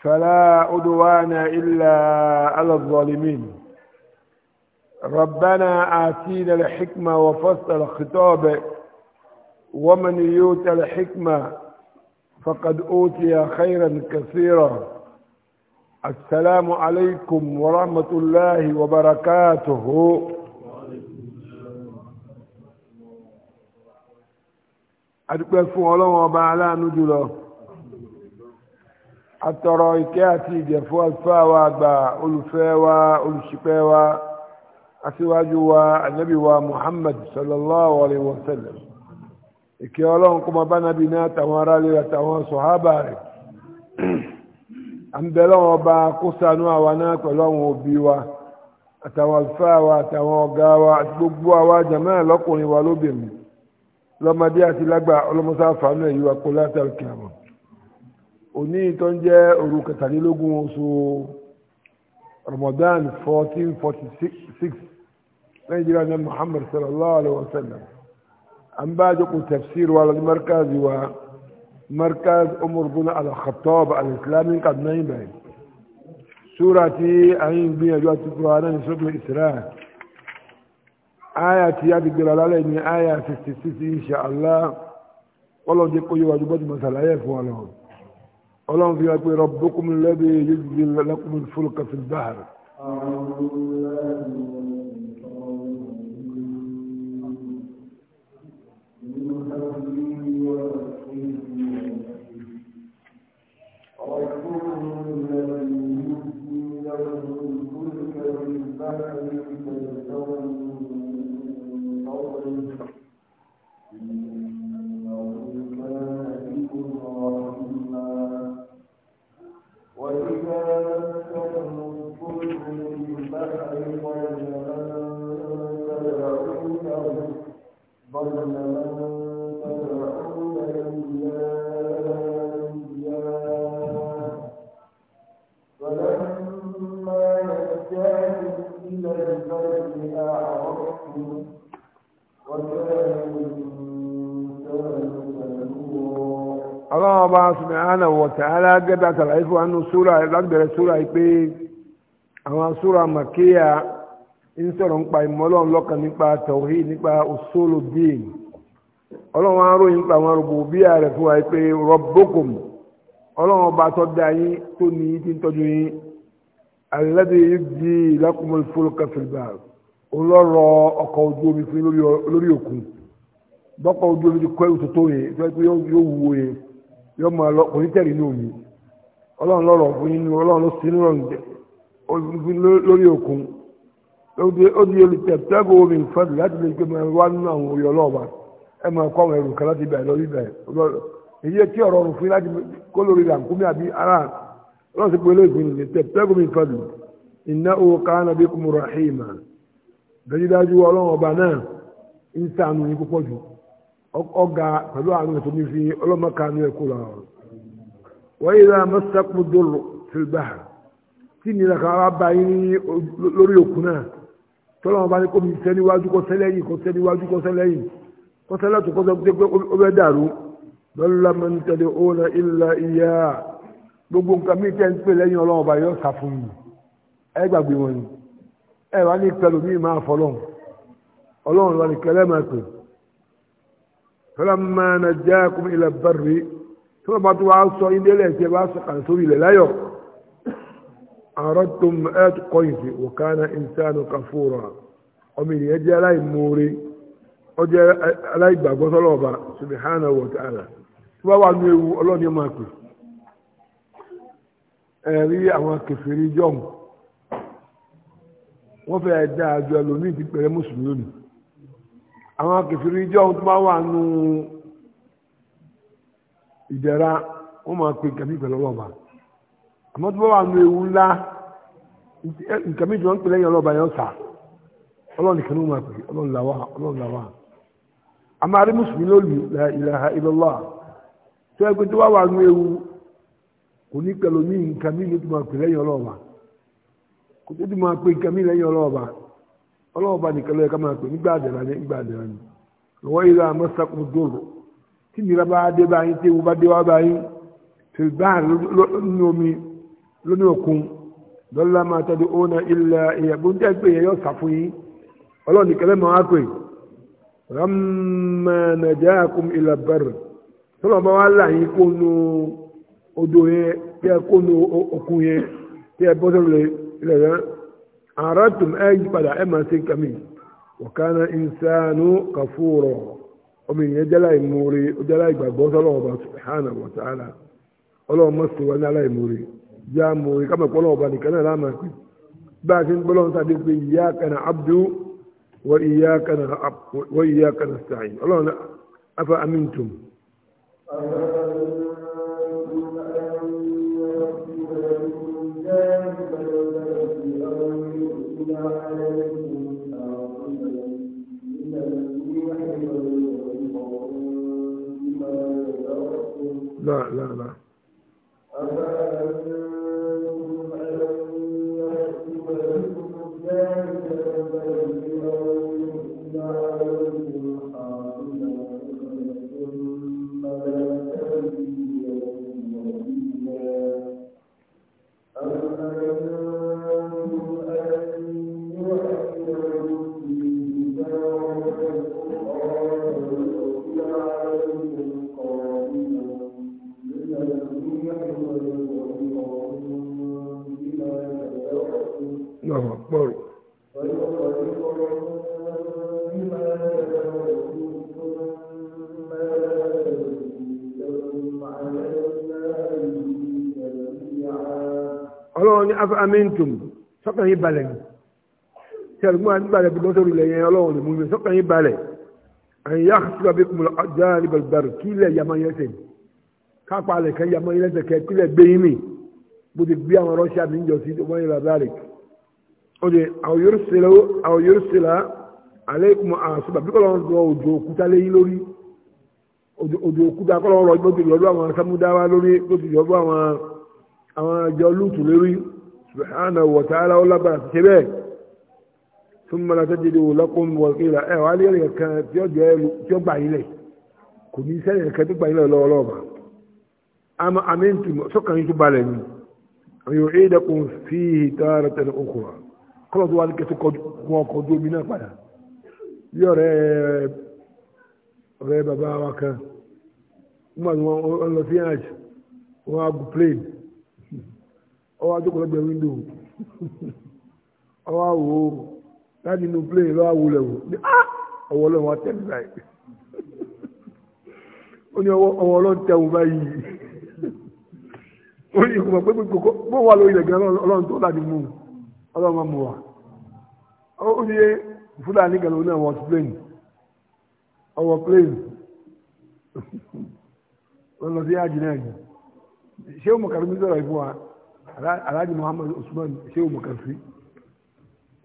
فلا عدوان إلا على الظالمين ربنا آتينا الحكمة وفصل الخطاب ومن يؤت الحكمة فقد أوتي خيرا كثيرا السلام عليكم ورحمة الله وبركاته أدوكم فوالله وبعلانه جلوه atọrọ ìkẹ́ àti ìjẹ̀fọ́ àlùfáà wa àgbà olùfẹ́ wa olùṣìpẹ̀ wa aṣíwájú wa ànábì wa muhammad sallallahu alayhi wa sallam ìkẹ́ ọlọ́run kó máa bá nàbí náà tàwọn aráàlú àtàwọn sọ̀hábà rẹ̀ àǹbẹ̀lọ́wọ̀n ọba kó ṣàánú àwa náà pẹ̀lú àwọn òbí wa àtàwọn àlùfáà wa àtàwọn ọ̀gá wa àti gbogbo àwa jàmáà lọ́kùnrin wa lóbìnrin lọ́mọdé àti lágbà ọlọ́mọsáfàánú ẹ̀yí wa kó látàrí kìámọ̀ òní tó ń jẹ́ òru kẹtàlélógún oṣù Ramadan fourteen forty six nàìjíríà ní Muhammad sallallahu alayhi wa sallam an bá jókòó tafsir wa lọ́dún markazi wa markaz umar bin al-khattab al-islami kaduna yin báyìí sura tí a yi gbìyànjú àti kura náà ní sọ́kùnrin israel aya ti ya ti gbera lálẹ́ ní aya sixty insha allah wọ́n lọ jẹ́ kó yẹ bọ́dù mọ̀sálàyé fún wa lọ́wọ́. اللهم في ربكم الذي يجزي لكم الفلك في البحر ọlọ́run ọba subhanahu wa ta'ala gẹ́gẹ́ àtàlàyé fún wa nínú súra láti bẹ̀rẹ̀ súra yìí pé àwọn súra màkíyà ń sọ̀rọ̀ nípa ìmọ̀lọ́run lọ́kàn nípa tawhid nípa usulu din ojú omi ti kọ́ ìwòsàn tó yẹ tó pé yóò wúwo yẹn yóò máa lọ onítẹ̀rí ní omi ọlọ́run lọ́rọ̀ fún inú ọlọ́run ló sí nírọ̀ lórí òkun ó di olùtẹ̀tẹ́gò omi ìfẹ́dù láti lè gbé máa wá nínú àwọn oyè ọlọ́ọ̀bà ẹ máa kọ́ àwọn ẹrù kan láti bẹ̀rẹ̀ lórí bẹ̀rẹ̀ èyí tí ọ̀rọ̀ fún láti kó lórí àbí ara ọlọ́run sì pé olóògùn ní tẹ̀tẹ́gò omi iná ọ̀gá pẹ̀lú àánú ẹ̀ tó ní fi ọlọ́mọka ní ẹ̀kọ́ lọ rọ̀ wọ́n yìí náà mọ́sákùn dòrò fìlbà tí nira kan ara bá yín lórí òkun náà tọ́lá wọn bá ní kó mi sẹ́ lẹ́yìn kó sẹ́ níwájú lẹ́yìn kó sẹ́ lọ́tún kó pé ó bẹ́ dàrú lọ́lá mọ́ nítorí òun ilà ìyá gbogbo nǹkan mi tẹ́ ń pè lẹ́yìn ọlọ́wọ́n fọlọ́mọ nàjà kùm ilẹ̀ bẹ̀rẹ̀ tí wọ́n bá tó wàá sọ ilé ilẹ̀ tí wàá sọ kàlẹ́ sórí ilẹ̀ láyọ̀ àrọ́tùm ẹ̀ẹ́dù kọ́yìntì wòkánà ìnsánu kàfúrà ọmọ ènìyàn jẹ́ aláìmoore ó jẹ́ aláìgbàgbọ́ sọ́lọ́ọ̀bà subhana wa ta'ala tí wọ́n wà ní ewu ọlọ́ọ̀ni máa pè ẹ̀rí àwọn kẹfìrí jọ̀hún wọ́n fẹ́ dáa ju ẹlòmíì ti pẹ̀lẹ́ mùsùlùmí lónìí àwọn akẹfìrí ìjọ ohun tó máa wà nù ìdẹ̀ra wọ́n máa pe nǹkan mìíràn lọ́wọ́ àmọ́ tó bá wà nù ewu ńlá nǹkan mìíràn ń pè lẹ́yìn ọlọ́ba yẹn sà máa pè la tó tó bá wà nù ewu kò ní pẹ̀lú tó máa pè lẹ́yìn ọlọ́wọ́ bá nìkan lọ́yẹ ká máa pè nígbà àdẹ̀rà ní nígbà àdẹ̀rà ní lọ́wọ́ ìlà mọ́sákùn dòrò tí nira bá dé bá yín tí ewu bá dé wá bá yín tí bá ní omi lóní òkun lọ́la máa tọ́jú ọ̀nà ilẹ̀ ìyàgbó tí ẹ pè yẹn yọ sàfù yín ọlọ́wọ́ nìkan lẹ́ máa pè ramma najakum ila bar tọ́lọ̀ bá wá là yín kó nu odò yẹn tí ẹ kó nu òkun yẹn tí ẹ bọ́ sọ́rọ̀ àràtùm ẹ yí padà ẹ máa ṣe nǹkan mi wọ̀kánà ìsánú kàfúrọ̀ ọmọ ènìyàn jẹ́lá ìmúre ó jẹ́lá ìgbàgbọ́ sọ́lọ́ọ̀bà subhanahu wa ta'ala ọlọ́run mọ̀ sí wa ní aláìmúre já múre ká mọ̀ pọ́lọ́ọ̀bà nìkan náà láàmà pé bá a ti ń gbọ́lọ́run sáà dé pé iyyaka na'abdu wa iyyaka nasta'in ọlọ́run afa amintum. لا لا لا ọlọ́run ní afa amintum sọ́kàn yín balẹ̀ ni tí a lè gbọ́n àdúgbàlẹ̀ bí lọ́sọ̀rọ̀ ilẹ̀ yẹn ọlọ́run lè mú mi sọ́kàn yín balẹ̀ àyìn yá síbà bí kùmùlọ̀ ọjà níbàlùbàrù kí ilẹ̀ yamọ yẹn sẹ̀ kápá alẹ̀ kẹ́ yamọ yẹn sẹ̀ kẹ́ kílẹ̀ gbé yín mi bó ti gbé àwọn rọ́ṣà mi ń jọ sí wọ́n yẹn làbárì ó di àwọn yorùsílà alẹ́ kùmù àṣùbà bí kọ́lọ́run sọ òjò òkúta lé yín àwọn àjọ lùtù lórí subhanahu wa ta'ala ó lágbára ti ṣe bẹ́ẹ̀ fún mọ́ra tó dédé wò lọ́kùn wọ̀kìlá ẹ̀ wá lérè kan tí ó jẹ́ tí ó gbà yín lẹ̀ kò ní sẹ́yìn kan tó gbà yín lẹ̀ lọ́wọ́ àmọ́ àmì ń tì sọ́kàn yín tó balẹ̀ ni àyò ìdẹ́kùn fi tààrà tẹ̀lé okùnrin kọ́lọ̀ tó wà ní kẹsí kún ọkọ̀ ojú omi náà padà bí ọ̀rẹ́ ọ̀rẹ́ bàbá wa kan wọ́n lọ sí àjò wọ́n á gùn plane ọwọ́ àjókòó lọ́gbẹ̀ẹ́ wíńdò ọwọ́ àwò láti inú plane lọ́wọ́ àwò lẹ̀wò ní ah! ọwọ́ ọlọ́run wá tẹ̀lé báyìí ó ní ọwọ́ ọlọ́run tẹ̀wọ̀n báyìí ó ní ìkùmọ̀ pé kòkó bó wà lórí ilẹ̀ gan ọlọ́run tó láti mú ọlọ́run máa mú wa ó ní fúlàní gan lóun náà wọ́n plane ọwọ́ plane wọ́n lọ sí àjìnà yìí ṣé ó mọ̀ kàdúmí sọ̀rọ̀ ìfún wa alhaji muhammadu usman ṣé òmùkànfí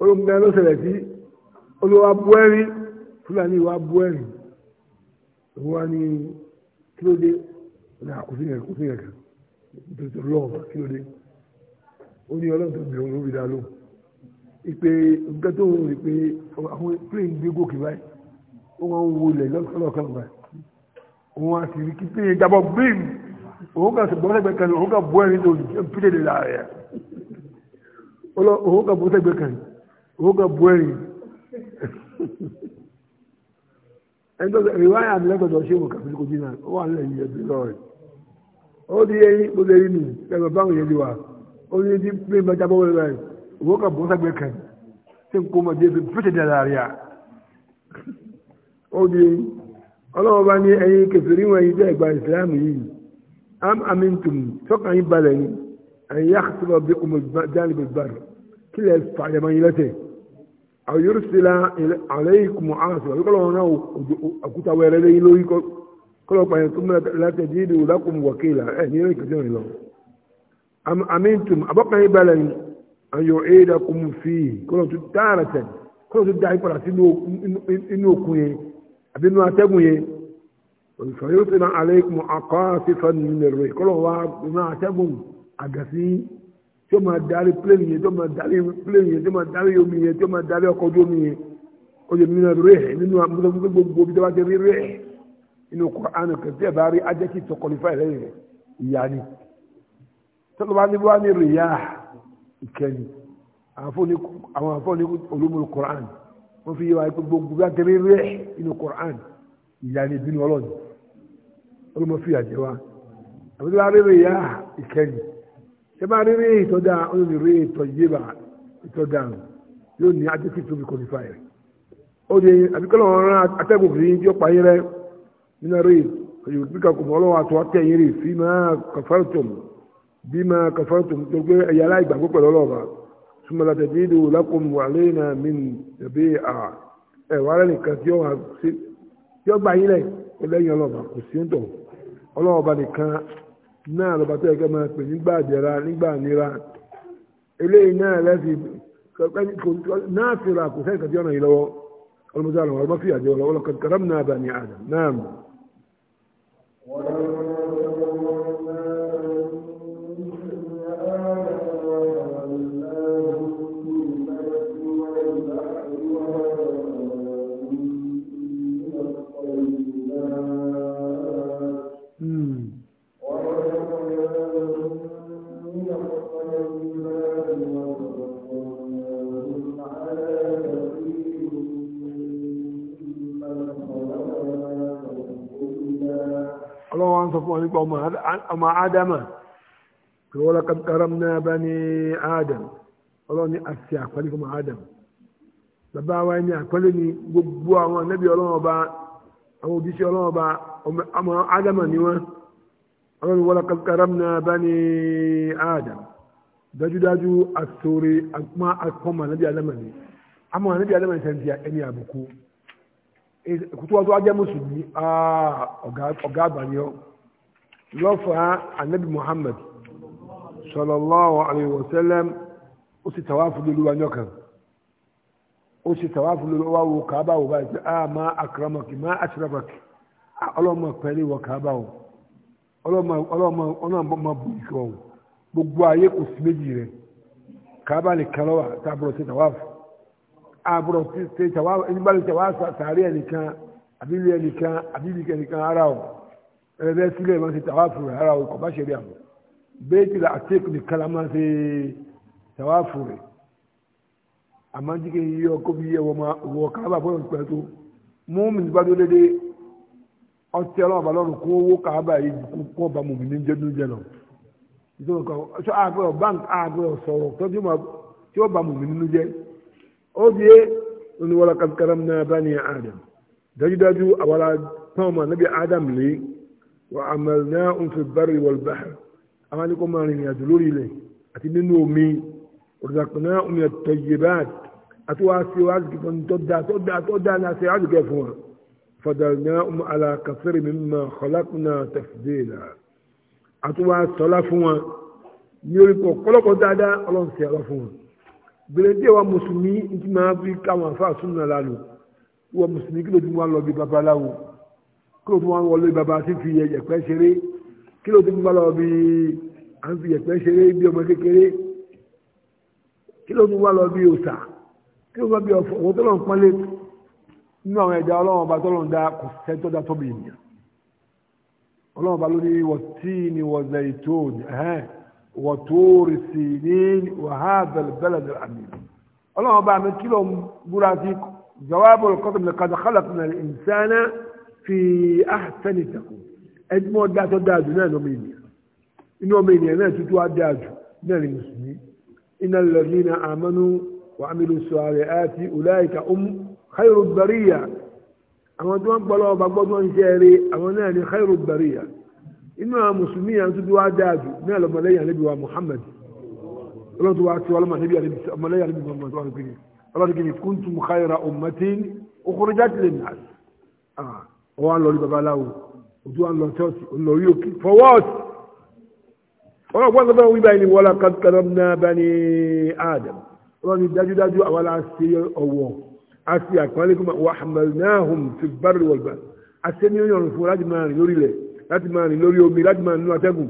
olóńgbẹ ló ṣẹlẹ̀ sí olówó abúẹ́rí fúlàní ìwà abúẹ́rí òun wá ní kí ló dé ní àkófin yẹn kófin yẹn kan tó lọ́wọ́ kí ló dé ó ní ọlọ́run tó bẹ̀rẹ̀ òun ló fi dá lóhùn ìpè nǹkan tó ń rí pé àwọn plane gbé gòkè báyìí ó wọ́n ń wọlé lọ́kọ̀ọ̀kan báyìí òun á sì rí kí plane jábọ̀ gbé òun kà bọ́ sẹ́gbẹ́ kan òun kà bọ́ ẹ̀rín tó pílẹ̀ lè láàrẹ̀ òun kà bọ́ sẹ́gbẹ́ kan òun kà bọ́ ẹ̀rín ẹni tó sẹ́gbẹ́ ìwáyà àdìlẹ́kọ̀tọ̀ ṣé wò kàfíìsì kò jìnnà ó wà nílẹ̀ yìí ẹ̀bí lọ́rẹ̀ ó di eyín ó lè rí nì ẹgbẹ́ báwọn yẹn di wa ó ní ti pé ìgbà jábọ́ wọlé rẹ̀ òun kà bọ́ sẹ́gbẹ́ kan tí n kó mọ̀ dé pílẹ̀ lè láàrẹ̀ ó ọlọ́wọ́ bá ní ẹyin kẹfìrí wọn yìí jẹ́ ìgbà ìsìlámù yìí am amintum sọ́kàn yín balẹ̀ ni àyìn yá àtúbọ̀ bí ọmọ jáde bẹ̀rẹ̀ kí lè fàyàmọ́ yín lọ́tẹ̀ àwọn yóò sila àlẹ́yìn kùmọ̀ àṣọ àbí kọ́lọ́ náà òkúta wẹ̀rẹ̀ lẹ́yìn lórí kọ́lọ́ pààyàn tó mẹ́ta láti ẹ̀dí ìdè òlákùn wọ̀kìlà ẹ̀ ní ìrìn kìtìrìn lọ. am amintum abọ́kàn yín balẹ̀ ni àyọ̀ ẹ̀dà kùmù fìyì kọ́lọ́ tó dára tẹ̀ kọ́lọ́ tó dá yín padà sínú òkun yẹn àbí inú fayusina aleikum aqasifan min ar-rih kọ́lọ̀ wa iná atẹ́gùn àgàsí tí ó máa darí pléènì yẹn tí ó máa darí pléènì yẹn tí ó máa darí omi yẹn tí ó máa darí ọkọ̀ ojú omi yẹn ó lè min ar-rih nínú amúnáfíà gbogbo bí dábàá ti rí rẹ̀ inú Qur'an kẹ̀tí ẹ̀ bá rí ajẹ́kì tó kọlifá ẹ̀ lẹ́yìn ìyá ni tọ́lọ́ bá ní bí wàá ní rìyá ìkẹ́ni àwọn àfọ́ni olómọlù Qur'an wọ́n fi yẹ wáyé gbogbo bí dábàá ti rí rẹ̀ inú Qur'an ìyá ni ìbínú ọlọ́run ọdún mọ́ fìyà jẹ wá àbí tó bá rí rí yá ìkẹyìn ṣé bá rí rí ìtọ́jà ọdún rí rí ìtọ́ yébà ìtọ́jà yóò ní adékì tó fi kọ́ni fáyẹ̀ ó di àbíkọ́lọ̀ wọn rán atẹ́gùn kìí yín tí ó pa yín rẹ nínú rí òyìnbó bí kankan mọ́ ọlọ́wọ́ àtọ́ tẹ̀ yín rí fi máa kọfẹ́rẹ́tọ̀m bí máa kọfẹ́rẹ́tọ̀m tó gbé ẹ̀yà aláìgbàgbọ́ pẹ̀lú ọlọ́ọ̀bà súnmọ́lá tẹ̀dí ìdò lákòm wàlẹ́ náà mí tẹ̀bí à ẹ̀ wàlẹ́ nìkan tí ó gbà yín lẹ̀ ó lẹ́yìn ọlọ́ọ̀bà kò sí ń tọ̀ ọlọ́ọ̀ba nìkan náà lọ́ba tó yẹ kẹ́ máa pè nígbà jẹra nígbà nira eléyìí náà lẹ́sì náà fi ra kò sẹ́yìn kàdí ọ̀nà yìí lọ́wọ́ ọlọ́mọdé àlọ́ ọlọ́mọ fìyà jẹ́ ọlọ́wọ́ kàdámù náà bá ní àdàm náà mọ̀. fún wọn nípa ọmọ ádámà tó wọ́n lọ́kàn karam náà bá ní ádám ọlọ́run ní àti àpẹẹlẹ fún ádám bàbá wa ní àpẹẹlẹ ní gbogbo àwọn anábì ọlọ́run ọba àwọn òbí sí ọlọ́run ọba ọmọ ádámà ni wọ́n ọlọ́run wọ́n lọ́kàn karam náà bá ní ádám dájúdájú àtòrè àpọ́n àpọ́n anábì ádámà àmọ́ anábì ádámà ni sẹ́ńtì ẹni àbùkù kutuwa tó ajẹ́ mùsùlùmí ọ̀gá àgbà lọ́fà anabi muhammad sallallahu alayhi ó sì tàwáfù lólu wa nyọ́ ó sì tàwáfù lólu wa wo a ah, ma akramaki ma ashrafaki ọlọ́mọ pẹ̀lú ọlọ́mọ gbogbo ayé kò sí méjì lè tá a bọ̀rọ̀ sí tàwáfù a bọ̀rọ̀ sí tàwáfù ẹni bá lè tàwáfù sàárẹ̀ nìkan àbílẹ̀ nìkan àbílẹ̀ nìkan ara ẹ̀rẹ́ sílẹ̀ máa ń ṣe tàwáàfù rẹ̀ ara ọkọ̀ bá ṣe rí àmọ́ bẹ́ẹ̀tì là àtẹ́kù nìkan la máa ń ṣe tàwáàfù rẹ̀ àmọ́ jíkẹ́ yíyọ kó fi yẹ wọ kálábà bọ́ọ̀lù pẹ̀lú tó mú mi nípa tó dédé ọtí ọlọ́ọ̀bà lọ́rùn kó owó kálábà yìí kó kọ́ bá mọ̀mí ní jẹ́nu jẹ́ lọ. kan ṣọ àgbẹ̀ bank àgbẹ̀ sọ̀rọ̀ tọ́jú ma tí ó bá mọ̀mí nínú jẹ́ ó di oníwọlọ́kàtàkàrà náà bá ní Adam dájúdájú àwọn tán ọmọ anábì Adam lè وعملناهم في البر والبحر أمالي كما يدلوري لي أتنينو مي رزقناهم من الطيبات أتوا سواز كفن تدى تدى تدى ناسي عز كفوا فضلناهم على كثير مما خلقنا تفضيلا أتوا سلفوا يريكو قلقو دادا ألون سيالفوا بلدي ومسلمي انت ما في كما فاسونا لالو ومسلمي كدو دموع لو ببابالاو kí ló tún wá ń wọlé bàbá sí fi yẹ̀pẹ̀ ṣeré kí ló tún bá lọ bí à ń fi yẹ̀pẹ̀ ṣeré bí ọmọ kékeré kí ló tún wá lọ bí òòṣà kí ló tún wá bí ọ̀fọ̀ òun tó lọ ń pọ́nlé nínú àwọn ẹ̀dá ọlọ́run ọba tó lọ ń da kò sẹ́ńtọ́ da tóbi ènìyàn ọlọ́run ọba ló ní wọ́tíìnì wọ́zẹ̀ìtòòdì wọ́tóòrì sí ní wàhálàbẹ̀lẹ̀bẹ̀lẹ̀ àmì ọlọ́run ọba mi sí jawaabul qasam laqad khalaqna al-insana fi ahsani taqu ẹni mọ́ dá tó dáa jù náà ní ọmọ ènìyàn inú ọmọ ènìyàn náà tuntun á dáa jù náà ní mùsùlùmí innal ladhina amanu wa amilu salihati ulaika um khayrul bariyya àwọn tí wọ́n gbọ́ lọ́wọ́ bá gbọ́dọ̀ ń jẹ́ eré àwọn náà ní khayrul bariyya inú àwọn mùsùlùmí yẹn tuntun á dáa jù náà lọ́mọlẹ́yìn àlebi wa Muhammad ọlọ́run tó wá tí ọlọ́mọ àlebi ó wá lọ rí babaláwo ojú wa ń lọ òkè for what ọlọ́run pọ́n sọ́dọ̀ wíwá ẹni wọ́lá kàdọ́mná bani adam ọlọ́run ní dájúdájú àwa la ṣe ọ̀wọ́ a ṣe àpọ́nlé kọ́mọ wa hamalnahum fi barri wal bahr a ṣe ní ọ̀rùn fún láti máa rìn lórí ilẹ̀ láti máa rìn lórí omi láti máa nínú atẹ́gùn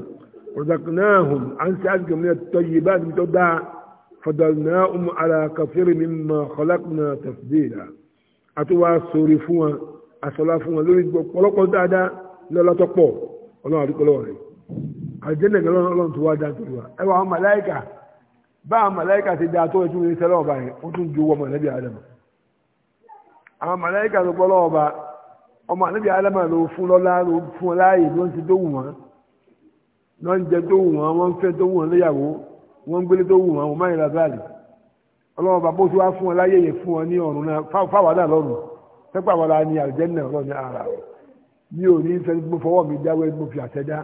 razaqnahum à ń ṣe àgbẹ̀ mi tọ́ yìí bá mi tọ́ dáa fadalnahum ala kafirin mimma khalaqna tafdila àti wàá sórí fún wa àsọlá fún wọn lórí ọ̀pọ̀lọpọ̀ dáadáa lọ́lọ́tọ́ pọ̀ ọlọ́run àdúgbò rẹ̀ àjẹ́nà ìgbà ọlọ́run tó wá dá tó wá ẹwà àwọn màláìkà bá àwọn màláìkà ti dá tó ẹtú ìrìnsẹ́ lọ́wọ́ báyìí ó tún ju ọmọ ẹ̀lẹ́bí àdámà àwọn màláìkà tó gbọ́ lọ́wọ́ bá ọmọ ẹ̀lẹ́bí àdámà ló fún lọ́lá ló fún láàyè ló ń ti dóhùn wọn ló ń jẹ dóhùn wọn wọ́n ń fẹ́ dóhùn wọn léyàwó wọ́n ń gbélé dóhùn wọn wọ́n máyìí lábáàlì ọlọ́wọ́ bá bó ti wá fún wọn láyé yẹn fún wọn ní ọ̀run náà fáwọn náà sẹ́pà wọn la ní àlùjẹ́nà ọlọ́ni ara rẹ̀ mi ò ní fẹ́ mo fọwọ́ mi dáwọ́ mo fi àtẹ́dá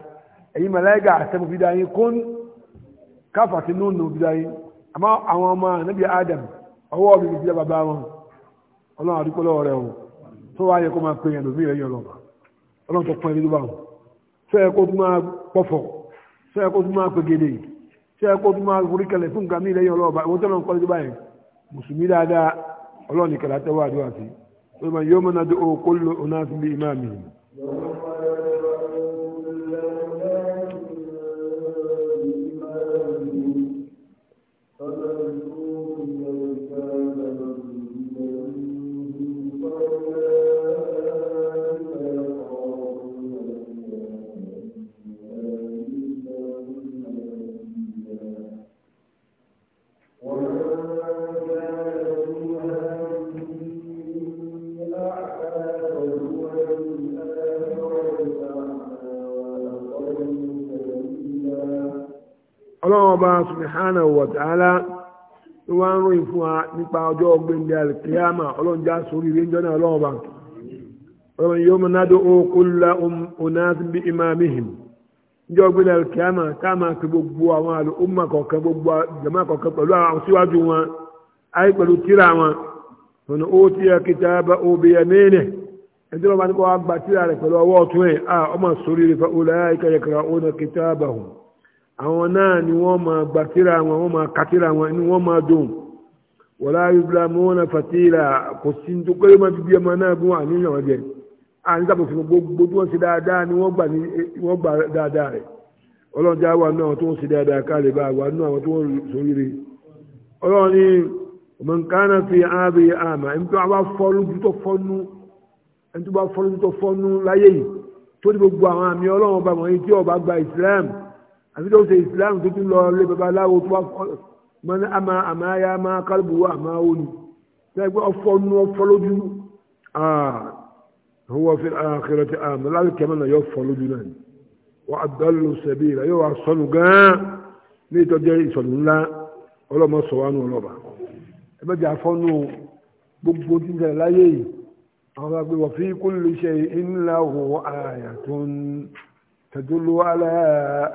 ẹ̀yin màláíkà àtẹ́mu fi dá yín kún káfà sí nùnú fi dá yín àmọ́ àwọn ọmọ ànábì Adam ọwọ́ mi fi dá bàbá wọn ọlọ́run àdúgbò lọ́wọ́ rẹ̀ o tó wáyé kó máa pè yẹn lómi rẹ̀ yọ̀ lọ́wọ́ ọlọ́run tó pọ́n ẹni ló bá wọn sọ yẹ kó tún máa pọ̀fọ̀ sọ yẹ kó tún máa pegede sọ yẹ kó tún máa forí kẹlẹ̀ fún nǹkan mi rẹ̀ yọ̀ lọ́wọ́ báyìí wọ́n tẹ́lọ̀ ń kọ́lé báyìí mùsùlùmí dáadáa ọlọ́run ìkẹlẹ̀ àtẹ́wọ́ àdúrà sí i. ومن يوم ندعو كل أناس بإمامهم subhanahu wa ta'ala tó wá ròyìn fún wa nípa ọjọ́ ọgbẹ́ndẹ́ alikiyama ọlọ́njà sórí ìwé ìjọ náà lọ́wọ́ bá ọlọ́run yóò mọ nádó kulla um, unasin bí ìjọ ọgbẹ́ndẹ́ alikiyama káàmà kí gbogbo àwọn kọ̀ọ̀kan gbogbo kọ̀ọ̀kan pẹ̀lú àwọn síwájú wọn ayé pẹ̀lú tíra wọn ó ti yẹ bi yaminihi ẹjọ́ lọ́ba ní kó gbà tíra rẹ̀ pẹ̀lú ọwọ́ ọ̀tún ẹ̀ ọmọ sórí fa àwọn náà ni wọ́n máa gbàtíra wọn wọ́n máa kàtíra wọn ni wọ́n máa dùn wọ́n láàyè bíra mọ́ wọn fàtíra kò sí tó kéré máa fi bí ọmọ náà gún àníyàn wọn jẹ àní gbogbo tí wọ́n ṣe dáadáa ni wọ́n gbà ní wọ́n gbà dáadáa rẹ̀ ọlọ́run já wà náà tó ń ṣe dáadáa ká lè bá wà náà àwọn tó ń sóríire ọlọ́run ni mọ̀nkánà fi ààbè àmà ẹni tó bá fọ́ ẹni tó bá fọ́ àti tó ṣe ìsìláàmù tó tún lọ lé babaláwo tó wá mọ ní àmà àmà ayá àmà kálùbù àmà òní tẹ́gbẹ́ ọ̀fọ́ nú ọ̀fọ́ lójú àwọn fi àkìrẹ̀ ti àmà lálùkẹ́ mọ́nà yóò fọ́ lójú náà ni wọ́n àdọ́lù sẹ́bí rẹ̀ yóò wá sọnù gan-an ní ìtọ́jú ìsọ̀nù ńlá ọlọ́mọ sọ̀wánú ọlọ́ba ẹgbẹ́ jà fọ́nù gbogbo tí ń tẹ̀lé láyé yìí àwọn àgbẹ̀ wọ̀ fi kúlù ṣe ńlá tẹ̀dúlú على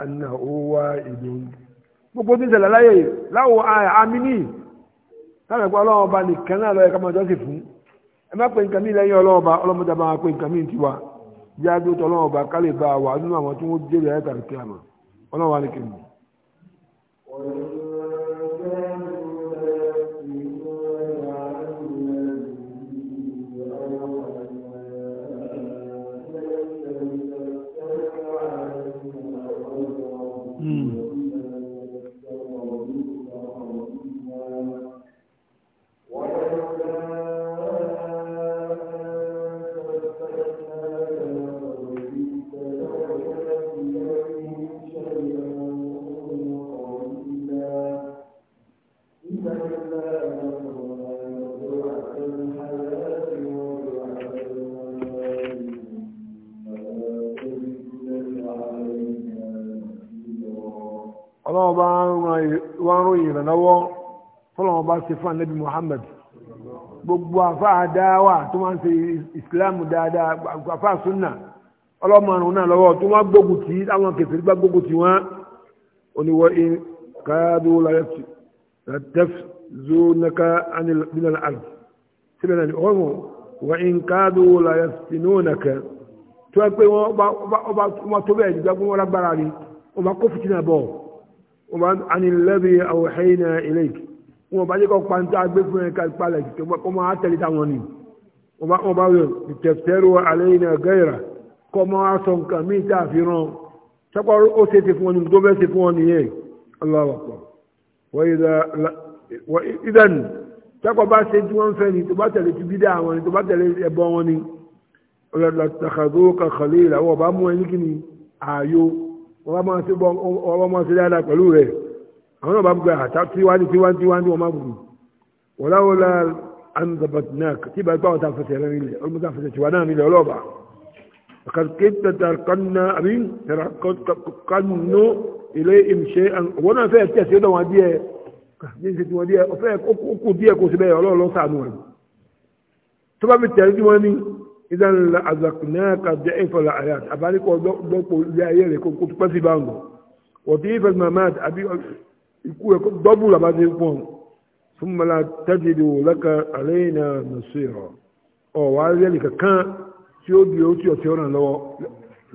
أنه owó ìlú gbogbo tí ń ṣẹlẹ̀ láyé láwọ̀ àmìní táwọn ẹ̀kọ́ ọlọ́wọ́ bá nìkan náà lọ́yẹ̀ kọ́mọ jọ́sìn fún ẹ má pe nǹkan mi lẹ́yìn ọlọ́wọ́ bá ọlọ́mọdé bá pe nǹkan mi tiwa bí adó tó ọlọ́wọ́ bá kálí bá wà nínú àwọn tí wọ́n jẹ́rìí ayé tàbí kí àmọ́ ọlọ́wọ́ á ní kí fún anabi muhammad gbogbo afa dáwà tó máa ń ṣe islam dáadáa afa sunna ọlọ́mọrùn náà lọ́wọ́ tó wọ́n gbógun tì í àwọn kẹfìrí bá gbógun tì wọ́n oníwọ̀ in káàdó latef zonaka anil minal ard síbẹ̀ náà ni ọ̀rùn wà in káàdó layasinonaka tó wọ́n pé wọ́n tó bẹ́ẹ̀ nígbà wọ́n lágbára rí wọ́n bá kó fìtínà bọ̀ wọ́n bá anilẹ́bi àwòhẹ́yìn náà ilé yìí wọn bá yẹ kó pàǹtà gbé fún ẹ kalẹ̀ kó máa tẹ̀lé táwọn ni wọn bá yọ tẹ̀sítẹ́rù alẹ́ iná gẹ́rà kó máa sọ nǹkan míì tá a fi ràn sọ́kọ́ ó ṣe ti fún ọ ní tó bẹ́ẹ̀ ṣe fún ọ nìyẹn Allahu akbar wọ́n ìdán sọ́kọ́ bá ṣe tí wọ́n fẹ́ ni tó bá tẹ̀lé ti bídà àwọn ni tó bá tẹ̀lé ẹbọ wọn ni ọlọ́dọ̀tàkàdó kàkàlẹ́ ìlà wọ́n bá mú ẹni kí ni ààyò wọ́n bá máa ṣe dáadáa pẹ̀lú rẹ̀ àwọn náà bá gbé àtà tiwájú tiwájú tiwájú wọn má gbùdù wọláwọlá anzabatnak tí bá gbá ọ̀tá fẹsẹ̀ rẹ̀ nílẹ̀ olùmọ̀tá fẹsẹ̀ tiwa náà nílẹ̀ ọlọ́ọ̀bà kàkẹ́tà tàkànnà àbí tàkànnà ilé ìmṣẹ́ wọn náà fẹ́ tẹ̀sí ọ̀dọ̀ wọn díẹ̀ ní ìṣètò wọn díẹ̀ ọ̀fẹ́ kókó díẹ̀ kó sì bẹ́ẹ̀ ọlọ́ọ̀lọ́ sànù rẹ̀ tó bá fi tẹ̀sí wọn ní idan la azakunaka dẹ́ẹ̀fọ̀ la àyà àbáríkọ̀ dọ́pọ̀ ilé ayé rẹ̀ ikú ẹ̀kọ́ dọ́bù làbá ti pọ̀ fún mọ́lá tẹ́jìdì òlẹ́kà ọ, nàṣírọ̀ ọ̀wà rẹ́lì kankan tí ó di ojú ọ̀tí ọ̀ràn lọ́wọ́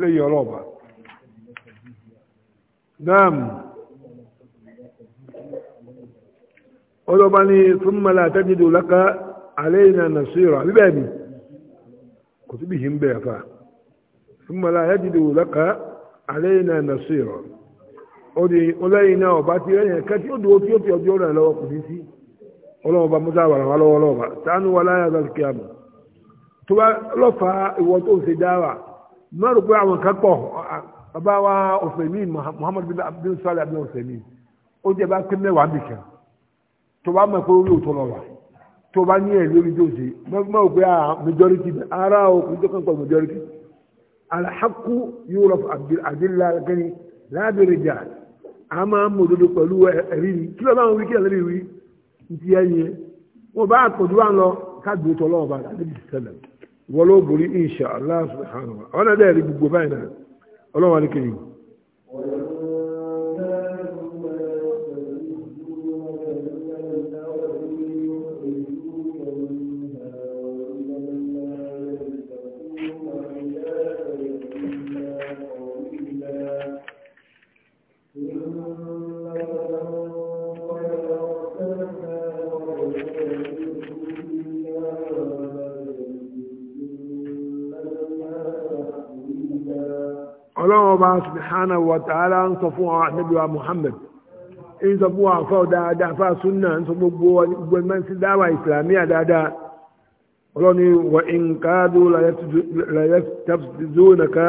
lẹ́yìn ọlọ́ọ̀bà dam ọlọ́ba ni fún mọ́lá tẹ́jìdì òlẹ́kà àlẹ́yìnà nàṣírọ̀ àbíbẹ̀ mi kò síbi yìí ń bẹ̀rẹ̀ fà fún mọ́lá tẹ́jìdì òlẹ́kà ọ. ó di olóyìn náà ọba ti rẹ̀ yẹn kẹ́tí ó dúró tí ó fi ọjọ́ rẹ̀ lọ́wọ́ kò sí sí ọlọ́wọ́ bá musa wà wá lọ́wọ́ lọ́wọ́ bá sanu wà láyà bá kí a mọ̀ tó bá lọ́fà ìwọ tó ṣe dá wa má rò pé àwọn kan pọ̀ bàbá wa ọ̀sẹ̀mìn muhammad bin salih abdul ọ̀sẹ̀mìn ó jẹ́ bá pé mẹ́wàá bìkan tó bá mọ̀ pé orí òtọ́ lọ́wọ́ tó bá ní ẹ̀ lórí tó ṣe má rò pé ah, majority ara o kò jẹ́ kàn pọ̀ majority alhaku yóò lọ fún abdul adil lágbẹ́ni a máa ń mú òdodo pẹ̀lú ẹ̀rí ni kí lọ́ba àwọn wíkẹ́ lórí wí ti ẹ̀yìn yẹn wọn bá àtọ̀dù wa lọ káàdì ètò ọlọ́run bá àdébí sẹlẹ̀ wọ́n ló borí insha Allah subhanahu ọ̀nà dẹ́rẹ́ gbogbo báyìí náà ọlọ́run wa ní subhanahu wa ta'ala ń sọ fún àwọn ànábì wa muhammad ń sọ fún àwọn afọ́ dáadáa afọ́ súnà ń sọ gbogbo gbogbo ẹgbẹ́ sí dáwà ìsìlámíà dáadáa ọlọ́ni wà ń káàdó layẹ́tàfìzónàká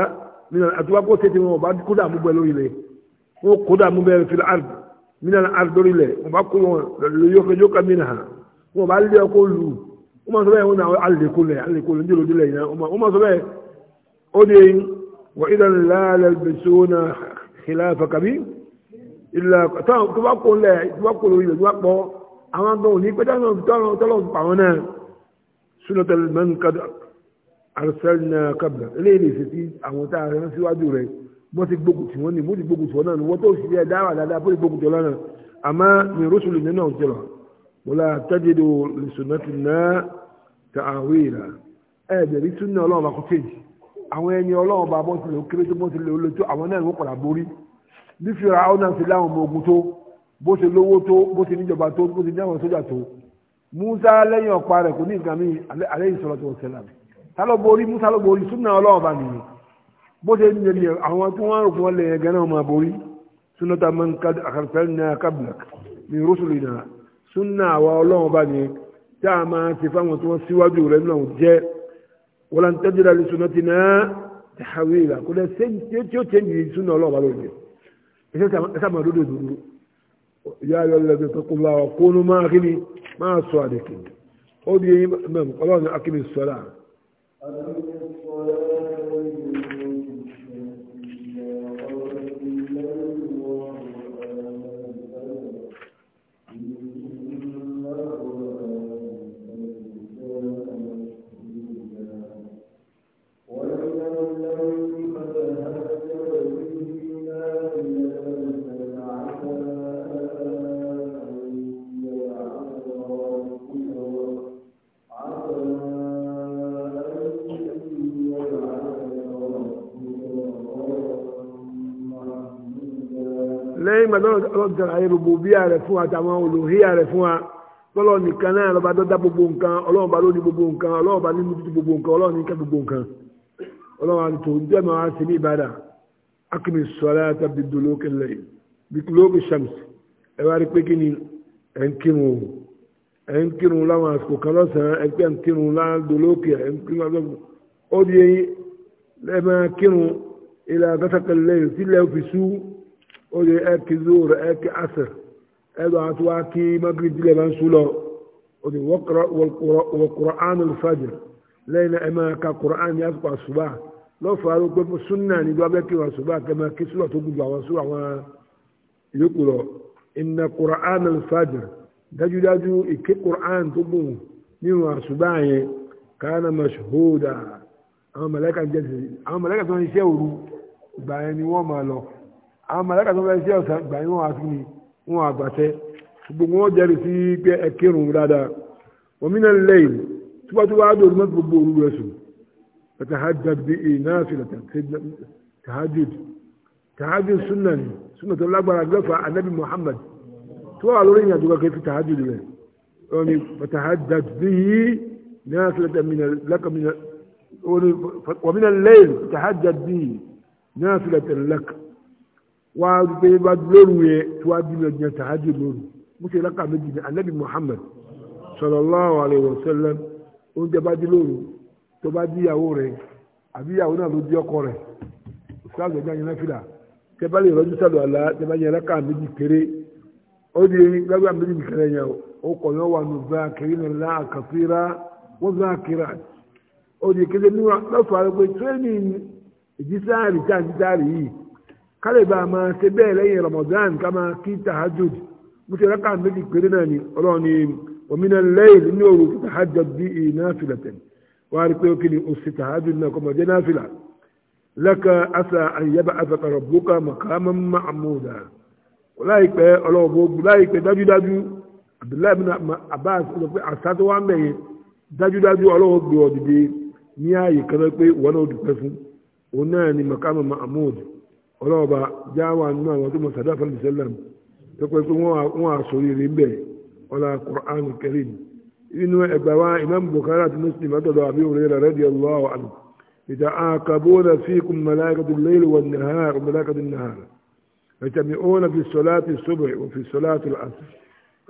nínú àtiwá kó tètè wọn ọba kódà mú bẹ́ẹ̀ lórí rẹ̀ wọn kódà mú bẹ́ẹ̀ fi ard nínú ard lórí rẹ̀ ọba kó wọn lóyókèjókè mìíràn wọn ọba lé ọkọ lù wọn sọ bẹ́ẹ̀ wọn náà alẹ́kọ̀ọ́ lẹ̀ alẹ́kọ̀ọ́ lẹ̀ ń وإذا لا يلبسون خلافك به إلا tó bá kó lẹ̀ tó bá kó lórí rẹ̀ tó bá pọ̀ àwọn àgbà òní pé dáná tọ́lọ̀ pa àwọn náà سنة من قد أرسلنا قبله eléyìí lè ṣe sí àwọn tá a rán síwájú rẹ̀ wọ́n ti gbógun tí wọ́n ní wọ́n ti gbógun tí wọ́n náà ní wọ́n tó sì yẹ dáwà dáadáa bó ti gbógun tí wọ́n náà àmọ́ ní rúṣùlù nínú ọ̀jọ̀ lọ wọ́lá tajidu li sunnatina ta'wila ẹ̀ẹ́dẹ̀rí súnà ọlọ́run akọ́kẹ́jì àwọn ẹni ọlọ́run bá bọ́ sílẹ̀ kéré tó bọ́ sílẹ̀ olè tó àwọn náà ń padà borí bí fira àwọn náà ti láwọn ọmọ ogun tó bó ṣe lówó tó bó ṣe níjọba tó bó ṣe ní àwọn sójà tó Musa lẹ́yìn ọ̀pá rẹ̀ kò ní nǹkan mi alayhi salatu wassalam ta ló borí Musa ló borí súnà ọlọ́run bá nìyí bó ṣe ń yẹ àwọn tí wọ́n rò fún ọlẹ́ yẹn gan náà borí sunnata man sunna àwa ọlọ́run bá ní tí a máa ti fáwọn tí ولن تجد لسنتنا تحويلا كل سن تيو تنجي سنة الله بالوجه إذا ما دودو دودو يا أيها الذين اتقوا الله وكونوا ما أخلي ما الصادقين أودي إمام قالوا أقم الصلاة أقم الصلاة ọlọ́dún ayé rògbòbíà rẹ̀ fún wa àtàwọn olùhíyà rẹ̀ fún wa lọ́lọ́ nìkan náà lọ́ba dọ́dá gbogbo nǹkan ọlọ́run bá lóní gbogbo nǹkan ọlọ́run bá nínú títí gbogbo nǹkan ọlọ́run nìkan gbogbo nǹkan ọlọ́run àti tòun jẹ́ máa ṣe ní ìbàdà akimi sọ̀rọ̀ àtàbí dolókè lẹ́yìn bí lóògì shams ẹ wá rí pé kí ni ẹ̀ ń kírun láwọn àsìkò kan lọ́sàn-án ẹ̀ pé ń kírun ó lè ẹ kí zoro ẹ kí asir ẹ lọ àti wá kí magrib tilẹ̀ máa ń sùn lọ ó lè wọ kur'an al-fajr lẹ́yìn ẹ máa ka kur'an yàtọ̀ pa suba lọ́fàá ló gbé sunna ní gbọ́ abẹ́kí wa suba kẹ́ máa kí sùlọ̀ tó gbogbo àwọn sùn àwọn yòókù lọ inna kur'an al dájúdájú ìké kur'an tó gbòm nínú àṣùbà yẹn kánà mashhuda àwọn mẹlẹ́kà jẹ́ àwọn mẹlẹ́kà tó ń ṣe òru ìgbà ni wọ́n máa lọ àwọn màláìka tó fẹ́ sí ọ̀sán gbà yín wọn àti wọn àgbàṣẹ gbogbo wọn jẹ́rìí sí pé ẹ kírun dáadáa òmìnira lẹ́yìn tíwájú wá dòrò mọ́ gbogbo òru rẹ̀ sùn tahajjud bi nafila tahajjud tahajjud sunna ni sunna lágbára gbẹ́fà anabi muhammad tó wà lórí ìyàjú kankan fi tahajjud rẹ̀ oni fatahajjad bihi nafilata min laka min oni wa min al wa pé ba lóru yẹ tí wá bí lọ́jọ́ tàájú lóru mo ṣe lákà méjì ní anabi sallallahu alaihi wasallam oúnjẹ bá dé lóru tó bá dí ìyàwó rẹ̀ àbí ìyàwó náà ló dí ọkọ yẹn tẹ bá lè rọjú sàlù àlá tẹ bá yẹn méjì ó di lágbà méjì nìkẹrẹ yẹn ó kọ̀ yọ wà nù bá kiri nà lá àkàfíra wọ́n ó di kéde níwọ̀n lọ́fà pé kálíbà máa ṣe bẹ́ẹ̀ lẹ́yìn Ramadan ká máa kí tahajud mo ṣe rákà méjì péré náà ni ọlọ́run ni òmìnira lẹ́yìn nínú òru tahajud bí i náfìlà tẹ̀ ni tahajud náà kọ́ jẹ́ náfìlà laka asa àyẹ̀bá afẹ́kọ̀ rabbuka maqaman mahmuda láìpẹ́ ọlọ́ọ̀bọ̀ láìpẹ́ dájúdájú Abdullahi bin Abbas sọ pé àṣàtọ̀ dájúdájú ọlọ́wọ́ ọ̀dìdì ní kan pé wọn náà ọlọ́ọ̀ba jáwà nínú àwọn tó mọ̀ sàdá fún ìṣẹ́lẹ̀ tó pé pé wọ́n á sọ rere ń bẹ̀ ọlá Qur'an Karim inú ẹgbà wa Imam Bukhari àti Muslim àtọ̀dọ̀ àbí òrèrè radiyallahu anhu يتعاقبون فيكم ملائكة الليل والنهار وملائكة النهار يجتمعون في صلاة الصبح وفي صلاة العصر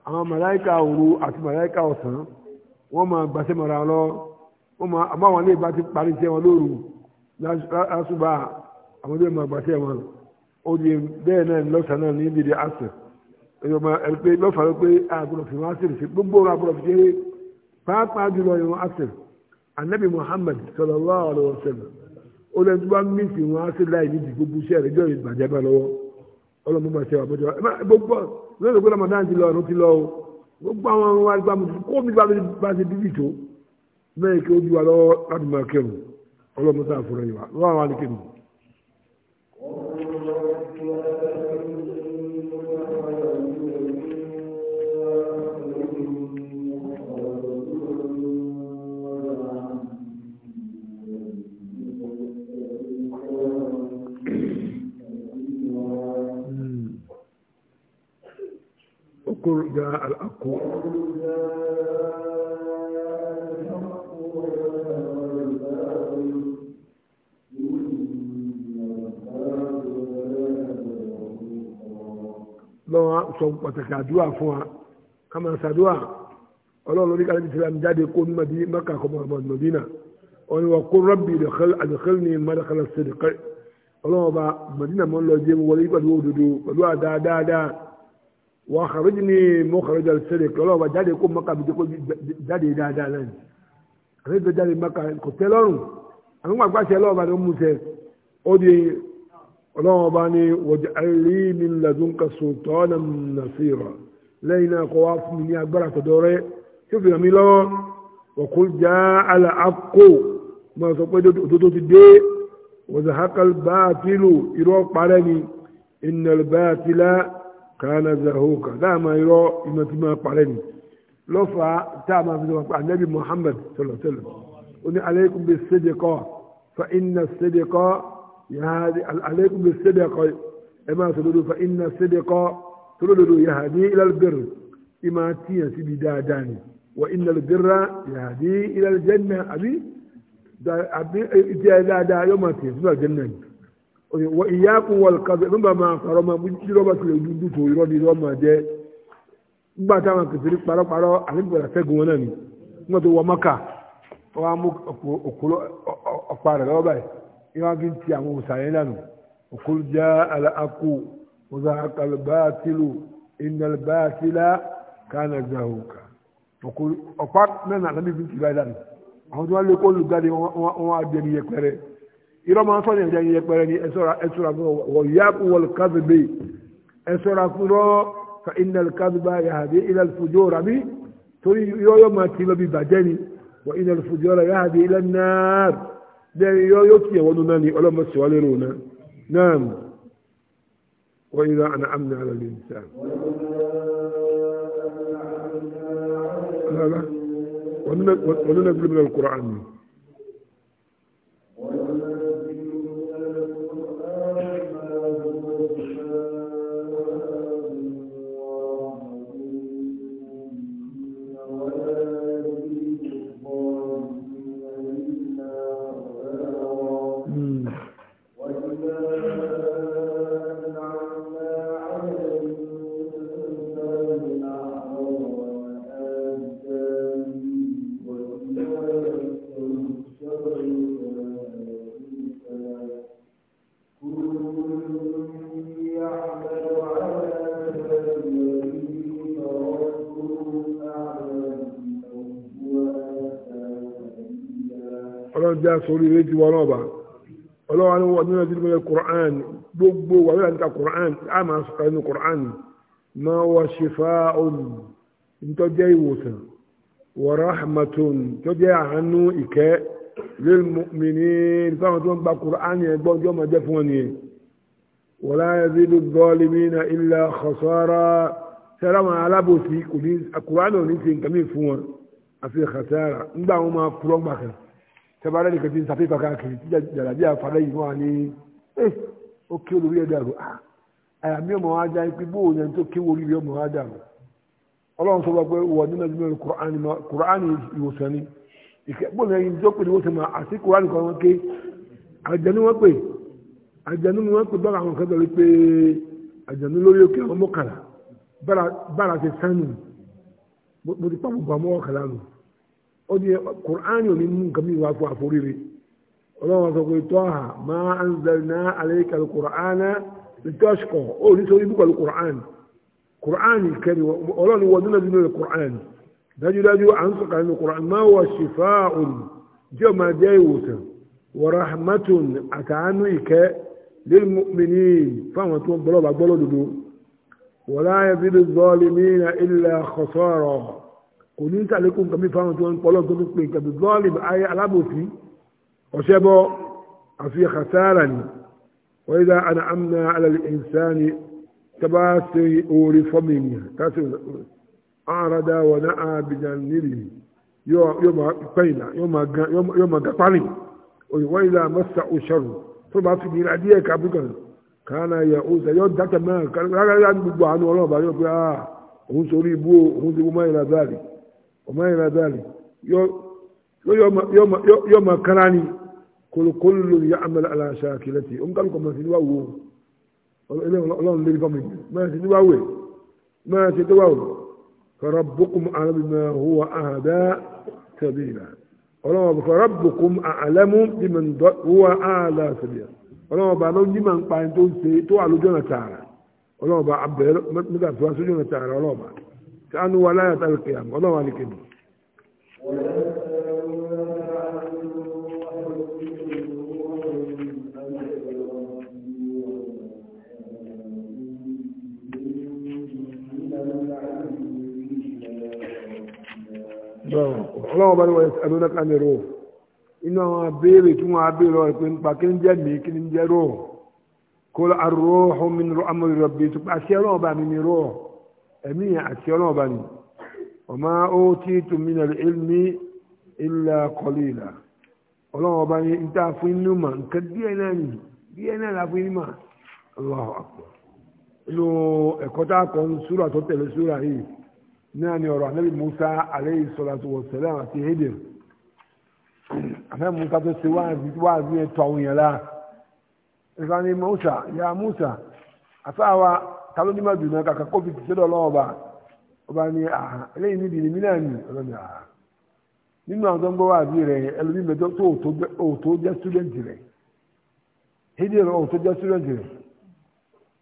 àwọn màláíkà òru àti màláíkà ọ̀sán wọ́n máa gbàṣẹ́ mọ̀ra lọ wọ́n máa àbáwọn ilé ìbá ti parí iṣẹ́ wọn lóru lásùbà àwọn ọdún ẹ̀ma àgbàtì ẹ̀wọ̀n ó di bẹ́ẹ̀ náà lọ́sàn náà ní ìdíje àṣẹ ẹ̀yọ́ máa ẹ̀ pé lọ́fà ló pé àgbọ̀dọ̀ fi wọn àṣẹ ṣe gbogbo ọ̀rọ̀ àgbọ̀dọ̀ fi ṣe pàápàá jùlọ ìwọ̀n àṣẹ anabi muhammad sallallahu alayhi wa sallam ó lẹ́nu tó bá mí sí wọn àṣẹ láì ní gbogbo iṣẹ́ rẹ̀ jọ ìbàjẹ́ bá lọ́wọ́ ọlọ́mọ máa ṣe àbọ̀jọ́ gbogbo lọ́sọ̀ pé ramadan ti ọlọ́mọ sáà fúnra yìí wa lọ́wọ́ àwọn àlekèrè Oh, sọ pàtàkì àdúrà fún wa ká máa ṣàdúrà ọlọ́run lórí kálí ti làm jáde kó ní madi maka kọ́ mọ́ Madina wọn ni wọn kó rabbi àdìkẹ́lì ní madakala sèdèkẹ́ ọlọ́run ọba Madina mọ́ lọ jẹ́ wọlé pẹ̀lú òdodo pẹ̀lú àdáadáa wà á kàrọ́jì ní mọ́ kàrọ́jì sèdèkẹ́ ọlọ́run ọba jáde kó maka bi kó jáde dáadáa náà ni àbẹ́bẹ́ jáde maka kò tẹ́ lọ́rùn àwọn àgbàṣe ọlọ́run ọba ló mú sẹ́ ọ́ di ọlọ́run ọba ní waj'al li min ladunka sultanan nasira lẹ́yìn náà kọ́ wá fún mi ní agbára tọ̀dọ̀ rẹ yóò fi hàn mí lọ́wọ́ wa qul ja'al haqqu mo sọ pé òdodo ti dé wa zahaqal batilu irọ́ parẹ́ ni innal batila kana zahuqa dáàmà irọ́ ìmọ̀ tí máa parẹ́ ni lọ́fà tá a máa fi sọ pé anabi Muhammad sallallahu alaihi ó ní alaykum bis sidqa fa inna sidqa alaykum bis sidq ẹ máa sọ lódò fa inna sidqa tó lódò yahdi ila albir ìmọ̀ tíyàn síbi dáadáa ni wa inna albirra yahdi ila aljanna àbí àbí ìdí ayé dáadáa yóò máa tíyàn síbi aljanna ni wa iyyakum wal kadhib nígbà máa parọ́ máa jíjọ́ bá tilẹ̀ ojú dùtò irọ́ ni irọ́ máa jẹ́ nígbà táwọn kìfìrí parọ́parọ́ àlébùbọ̀lá sẹ́gun wọn náà ni nígbà tó wọ mọ́kà wọ́n á mú ọ̀pá rẹ̀ lọ́wọ́ báyìí ìwọ́n fi ń ti àwọn òsàlẹ̀ lànà òkúrú já àkó وذهب الباطل إن الباطل كان زهوكا وقل أقاط نانا لم يكن تبادا àwọn tí wọ́n lé kóòlù jáde wọ́n á dẹni yẹpẹrẹ irọ́ máa ń ẹ̀jẹ̀ yẹpẹrẹ ni ẹ fún wọ́n yá kó wọ́n kábí fún rọ́ fa iná kábí دي يوتي ونناني ولما سوالرونا نام وإذا أنعمنا على الإنسان ونناك من القرآن já sórí ilé tiwọn náà bá ọlọ́wọ́ ni wọ́n nínú ìdílé kùrán gbogbo wà nílẹ̀ níta kùrán á máa sọ̀rọ̀ nínú kùrán máa wà ṣèfà òní nítọ́jẹ́ ìwòsàn wa rahmatun tọ́jẹ́ àánú ìkẹ́ lilmu'minin fáwọn tó ń gba kùrán yẹn gbọ́n tí wọ́n máa jẹ́ fún wọn nìyẹn wala yazidu zalimina illa khasara sẹ́rà wọn alábòsí kùrán ò ní ṣe nǹkan mìíràn fún wọn àfi khasara ńgbà wọn máa kúrọ́ gbà tẹ́bàárẹ́ nìkan ti ń sa pépà káàkiri tí jàdàbí àfàlẹ́ yìí wà ní ẹ́ ó kí olórí ẹ̀ dàrú ah, àyà mi ọmọ wa já pé bóò yẹn tó kí orí rẹ̀ ọmọ wa dàrú ọlọ́run sọ wá pé wọ́n nínú ẹgbẹ́ rẹ̀ kùránì ìwòsàn ni bóò yẹn yìí tó pè ní ìwòsàn mà àti kùránì kan wọn ké àjẹnú wọn pè àjẹnú mi wọn pè bára àwọn kan bẹ̀rẹ̀ pé àjẹnú lórí òkè àwọn mọ́kànlá bára ti sánù mo ti pàpọ̀ bàmọ́ ọ̀kàlá nù ó di kùránì ò ní mú nǹkan mi wá fún àforíire ọlọ́run sọ pé tọ́hà máa ń zẹ̀nà àlẹ́kà kùránà ìtọ́ṣkọ̀ ó ní sọ ibi pẹ̀lú kùránì kùránì kẹrì ọlọ́run wọ nínú nínú kùránì dájúdájú à ń sọ̀kà nínú kùránì máa wọ ṣìfà òun jẹ́ ọmọ jẹ́ ìwòsàn wọ rahmatun àtàánú ìkẹ́ lil mu'minin fáwọn tó gbọ́lọ́ba gbọ́lọ́ dodo wọ́n láyé bí zọ́ọ̀lì mí kò ní sàlékún nǹkan mi fáwọn tó ń pọ̀ lọ́n tó ń pè nǹkan bíi bọ́ọ̀lì ayé alábòsí ọ̀ṣẹ́ bọ́ àfi kàtàrà ni wọ́n yí dá àná àmì alẹ́ ìsáni tábà ṣe oore fọ́mì ènìyàn káṣí àràdá wọn náà àbìyàn nílì yóò máa pẹ́yìnà yóò máa gápánì òyìnbó yí dá mọ́sà òṣàrù tó bá fi nira díẹ̀ kábùkàn kánà yẹ oṣù yóò dákẹ́ mọ́ rárá gbogbo àánú ọlọ́ọ̀bá yóò pé ah, òun sórí ibú òun ti wọ́n mọ́ ìlà ọmọ ìrìn àjò àlè yóò máa kára ni kòlòkòlò lórí yá àmàlà aláṣà kìlẹ̀tì ó ń kálukọ̀ máa ti níwá wo ọlọ́run lé ní fọ́ọ̀mù yìí máa ti níwá wẹ̀ máa ti tó wà wò فربكم أعلم بما هو أهدى سبيلا ọlọ́wọ́ fọ́rọ́bùkún àlẹ́mú bímọ̀n wúwa àlà sẹ̀bíà ọlọ́wọ́ bá lọ́wọ́ nímọ̀ nípa ẹni tó ń ṣe tó wà lójú ọ̀nà tààrà ọlọ́wọ́ bá abẹ́rẹ́ mẹ́ta tó wá sójú ọ̀nà tààrà ọlọ́wọ́ bá كانوا ولاية القيامة والله عليك ọlọ́wọ́ bá ní wọ́n ẹ̀sẹ̀ lónà kan ní rò inú àwọn abéèrè tí wọ́n abéèrè ọ̀rẹ́ pé nípa kí ní jẹ́ mí kí ní jẹ́ rò kó arúhùn mi rò amúrírọ̀ bí i tó ọlọ́wọ́ bá mi ní rò ẹ̀mí àti ọlọ́ọ̀bá ni ọ̀má ó tí tòmínà ilmi illa qalila ọlọ́ọ̀bá ni ń tà fún inú mà nǹkan díẹ̀ náà ni díẹ̀ náà la fún inú mà Allahu akbar inú ẹ̀kọ́ tá a kọ́ ń súra tó tẹ̀lé súra yìí náà ni ọ̀rọ̀ anábì Musa alayhi salatu wa salam àti Hidir àfẹ́ Musa tó ṣe wáàzí wáàzí ẹ̀ àwọn yẹn lá ẹ̀ka ni Musa ya Musa àfẹ́ àwa ta ló ní má dùn náà ba kó fi tìṣẹ́ lọ́wọ́ ọba ọba ní àhà ah, eléyìí níbi ní mílíọ̀nù ni ọlọ́ni àhà nínú àwọn tó ń gbọ́ wá àbí rẹ̀ ẹlòmíì mẹ́tọ́ tó òtó jẹ́ stúdẹ̀ntì rẹ̀ hídì rẹ̀ òtó jẹ́ stúdẹ̀ntì rẹ̀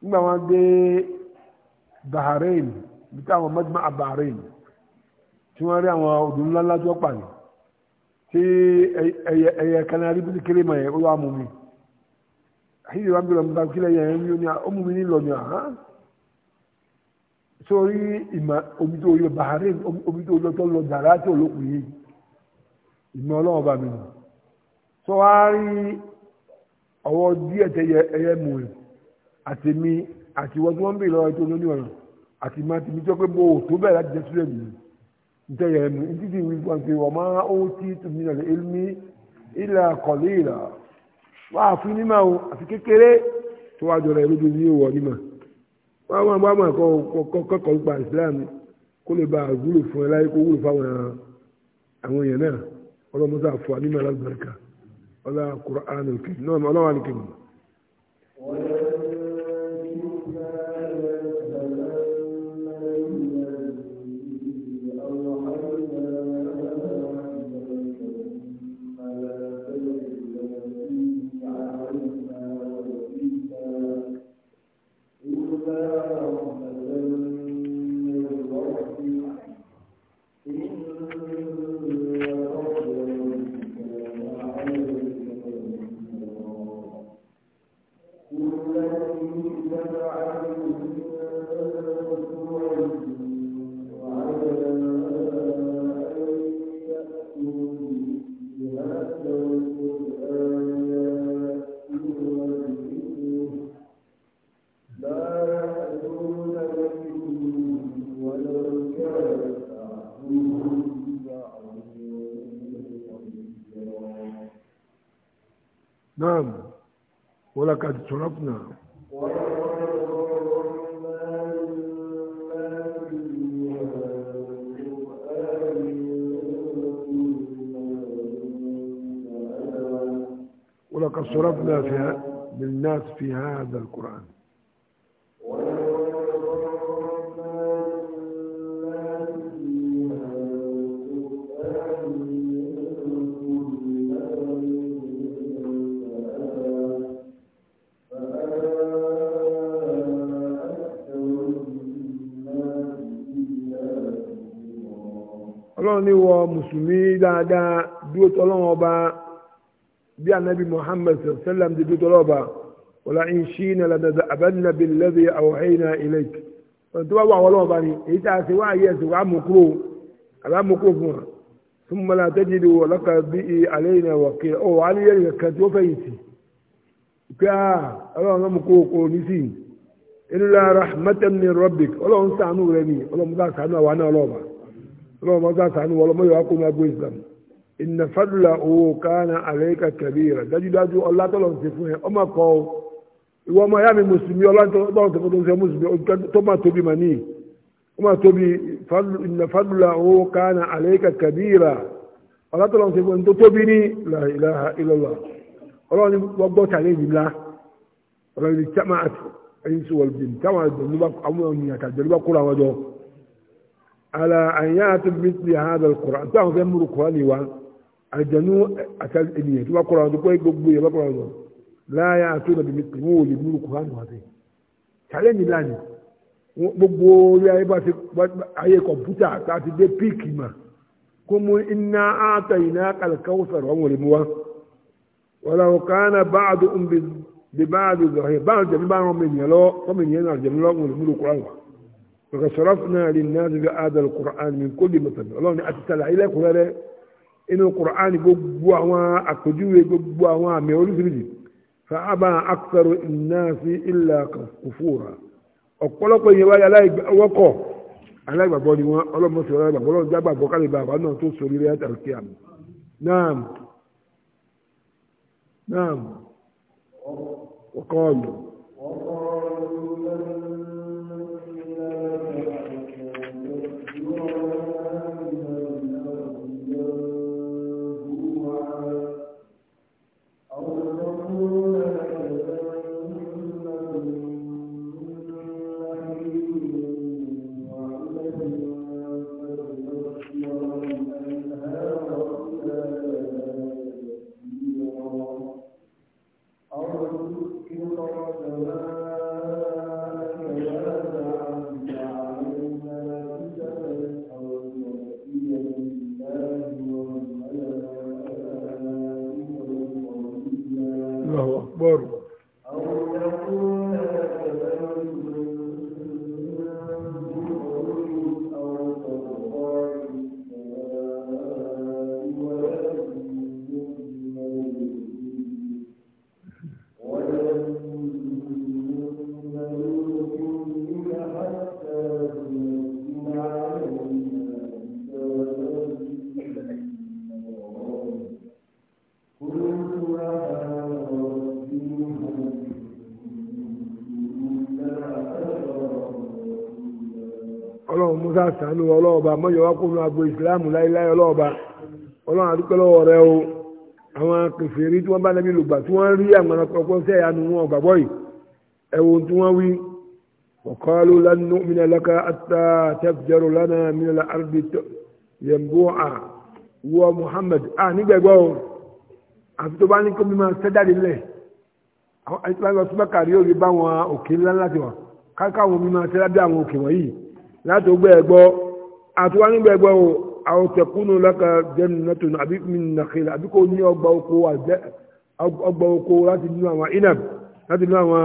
nígbà wọn dé Bahrain bí táwọn mẹ́tìmá Bahrain tí wọ́n rí àwọn odò ńlá ńlá tó pàdé tí ẹyẹ kanari bí kéré mọ̀ yẹn ó wà mú mi hídì wọn bí lọ́mọdé kílẹ̀ yẹn ń yóò ní ọmú mi ní lọ́nyà hàn sórí ìmọ̀ omi tó yọ Bahrain omi tó lọ tó lọ dàrá tó lókun yìí ìmọ̀ ọlọ́run bá mi nù sọ wá rí ọwọ́ díẹ̀ tẹ ẹyẹ mú rẹ̀ àtẹ̀mí àti wọ́n tí wọ́n ń bèèrè lọ́wọ́ tó lóní ọ̀rọ̀ àti máa ti mi jọ pé mo ò tó bẹ̀rẹ̀ láti jẹ́ sílẹ̀ nìyí níta mú ní títí ìwé wọn pé wọ́n máa ó tí tòmí nàlẹ́ elmi ìlà kọ̀lé ìlà wàá fún nímọ̀ o àti kékeré tó wájọ rẹ̀ lójú ní ìwọ̀ wọ́n wọ́n wọ́n máa kọ́ kọ́kọ́ gba islam kó lè ba àgúlò fún ẹ láyé kó wúlò fáwọn àwọn èèyàn náà ọlọ́mọdé àfọ ànímọ̀ alágbàrúkà ọlá kùrọ̀ ànìkè náà ọlọ́wà ànìkè mọ̀. ربنا ولقد صرفنا في بالناس في هذا القرآن mùsùlùmí dáadáa dúró tọ́lọ́wọ́n ọba bí anabi muhammed sallam ti dúró tọ́lọ́wọ́n ọba wala in shina ladada abanna billadhi awhayna ilayk ọ̀nà tó bá wà wọ́n lọ́wọ́ bá ní èyí tá a ṣe wá ayé ẹ̀sìn wàá mú kúrò àbá mú kúrò fún wa thumma la tajidu laka bihi alayna wakila ọ̀ wà á ní yẹ́nì kankan tí fẹ́ yìí sí ọlọ́run náà rẹ ni ọlọ́run bá ṣàánú àwa ọlọ́ọ̀bà ọlọ́run máa sàánú wọn lọ́mọ yòókù ní agbo islam inna fadla owó kánà alayka kabira dájúdájú ọlá tọ́lọ̀ ń ṣe fún yẹn ọmọ kọ́ ọ ìwọ ọmọ ya mi mùsùlùmí ọlá tọ́lọ̀ ń ṣe fún yẹn mùsùlùmí tó tóbi mà níyì ó tóbi inna owó kánà alayka kabira ọlá tọ́lọ̀ fún yẹn tó tóbi ní la ilaha illallah ọlọ́run gbọ́ tàlẹ́ ìlà ọlọ́run ti ala أن يأتي مثل هذا القرآن تعرف يمر القرآن و الجنو أكل إليه تبقى القرآن تبقى يقبل يبقى لا يأتون القرآن تعلم gbogbo orí ayé bá ti ayé kọ̀mpútà a ti dé píìkì mà kó mu iná àtọ̀ iná kàlùkàwù sọ̀rọ̀ wọn lè mu wa. wàlá o kàn án báàdù وقد صرفنا للناس بهذا القرآن من كل مثل الله ni àtìtàlà ilẹ̀ kúrẹ́ rẹ̀ inú قرآن gbogbo àwọn àpèjúwe gbogbo àwọn àmì oríṣiríṣi فأبى أكثر الناس إلا كفورا ọ̀pọ̀lọpọ̀ ìyẹn wáyé aláìgbàwọ́kọ̀ aláìgbàgbọ́ ni wọ́n ọlọ́mọsí ọlọ́gbàgbọ́ ọlọ́run jágbàgbọ́ kálí bàbá náà tó sọ oríire àtàkì àmì náà náà ọkọ̀ ọ̀lù. ọlọ́run musa sànú ọlọ́ọ̀ba mọ́yọ̀wá kó nu agbo ìsìláàmù láíláí ọlọ́ọ̀ba ọlọ́run àdúpẹ́ lọ́wọ́ rẹ o àwọn kèfèrí tí wọ́n bá nẹ́bí lùgbà tí wọ́n rí àwọn ọkọ̀ sẹ́yà nu wọn gbàgbọ́ yìí ẹ̀wò tí wọ́n wí وقالوا لن نؤمن لك حتى تفجر لنا من الأرض ينبوعا ومحمد آه nígbàgbọ́ o tó bá ní kó mi máa sẹ́jáde lẹ̀ àwọn àìsàn lọ́sibákàrí ò rí bá wọn òkè ńlá láti wà káàkiri àwọn mi máa sẹ́jáde àwọn láti ó gbẹ́ ẹ̀gbọ́ àtiwá nígbà ẹ̀gbọ́ o àwọn tẹ̀kúnnù lọ́kà jẹ́nu nẹ́tò àbí nàkìlà àbí kò ní ọgbà oko ọgbà oko láti nínú àwọn inab láti nínú àwọn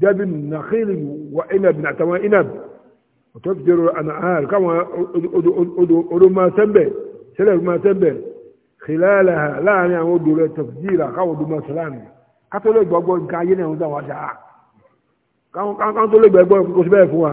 jẹ́bi nàkìlì wà inab àtàwọn inab ọ̀tọ́ ti dèrò àná káwọn odò máa sẹ́ńbẹ̀ sẹ́lẹ̀ máa sẹ́ńbẹ̀ kìláàlà láàrin àwọn odò rẹ̀ tẹ̀fìjìlà káwọn odò máa sẹ́láàmì kátólẹ́gbọ̀gbọ̀ nǹkan ayé náà ń dà wá dáa káwọn tó lè gbẹ̀gbọ́ kò sí fún wa.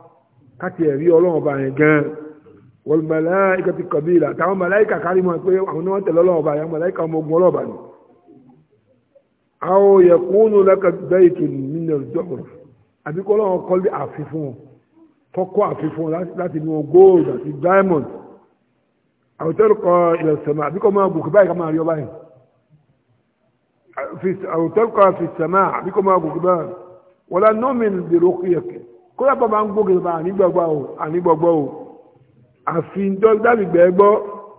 káti ẹ̀rí ọlọ́run ọba yẹn gan wal malaikati qabila táwọn màláìkà kárí mọ́ pé àwọn náà tẹ̀lé ọlọ́run ọba yẹn màláìkà ọmọ ogun ọlọ́ọ̀bà ni. àwọn yakunu laka baytun min ad-duhur àbí kọ́ ọlọ́run kọ́ àfihàn kọ́kọ́ àfihàn láti inú gold àti diamond àwọn tẹ́lẹ̀ kọ́ ilẹ̀ sẹ́mà àbí kọ́ máa gòkè báyìí ká máa rí ọba yẹn àwọn tẹ́lẹ̀ kódà bàbá ń gbókè bàbá ànígbàgbà o ànígbàgbọ́ o àfi dọ́gbàgbẹ́ gbọ́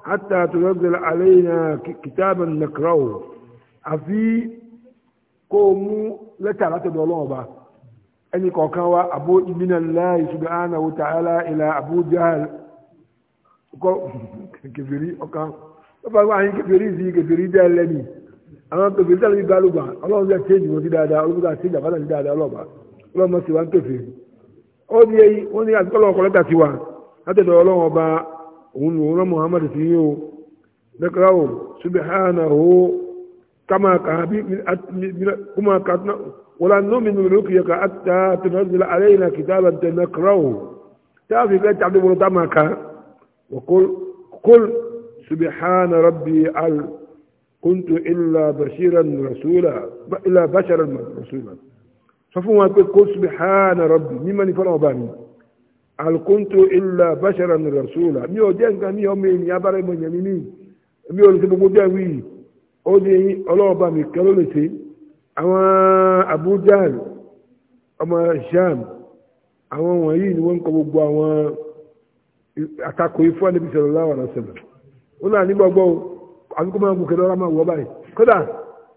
hátà tó lọ́gbẹ̀rẹ̀ alẹ́ iná kìtàbà nàkàrà o àfi kó o mú lẹ́tà látọ̀dọ̀ ọlọ́run ọba ẹnì kọ̀ọ̀kan wa abu ibina láì subhanahu wa ta'ala ila abu jahal kọ́ kẹfìrí ọ̀kan bàbá wa àyìn kẹfìrí sí kẹfìrí jẹ́ ẹlẹ́ni àwọn kẹfìrí sálẹ̀ bí balùwà ọlọ́run jẹ́ tẹ́jú wọn sí dáadáa olùkọ́ àti ìjàmbá sí dáadáa ọlọ́run mọ̀ sí wa ń kẹfìrí ó ní èyí wọ́n ní àtúntò ọlọ́wọ́ kọ́lẹ́tà tiwa látẹ̀dọ̀ ọlọ́wọ́ ọba òun lòun rán muhammadu sí yín o lẹ́kọ̀ọ́ o subhanahu kama ka bí kuma ka wala nu'minu ruqyaka hatta tunzila alayna kitaban nakra'u تعرف يقول تعبد مرتمك وقل قل سبحان ربي ال كنت إلا بشيرا رسولا إلا بشرا رسولا sọ fún wọn pé kó subhana rabbi mímọ́ ní fọlọ́wọ́ bá mi alkuntu illa basharan rasula mi ò jẹ́ nǹkan mi ọmọ ènìyàn abára ìmọ̀ ìyẹn mi ní mi ò lè ṣe gbogbo jẹ́ wí ó di ọlọ́wọ́ bá mi kẹ́ ló lè ṣe àwọn Abu Jahl ọmọ Sham àwọn wọ̀nyí ni wọ́n ń kọ gbogbo àwọn àtakò ifọ̀ níbi sallallahu alaihi wasallam ó náà nígbàgbọ́ àbíkú máa ń gòkè lọ́ra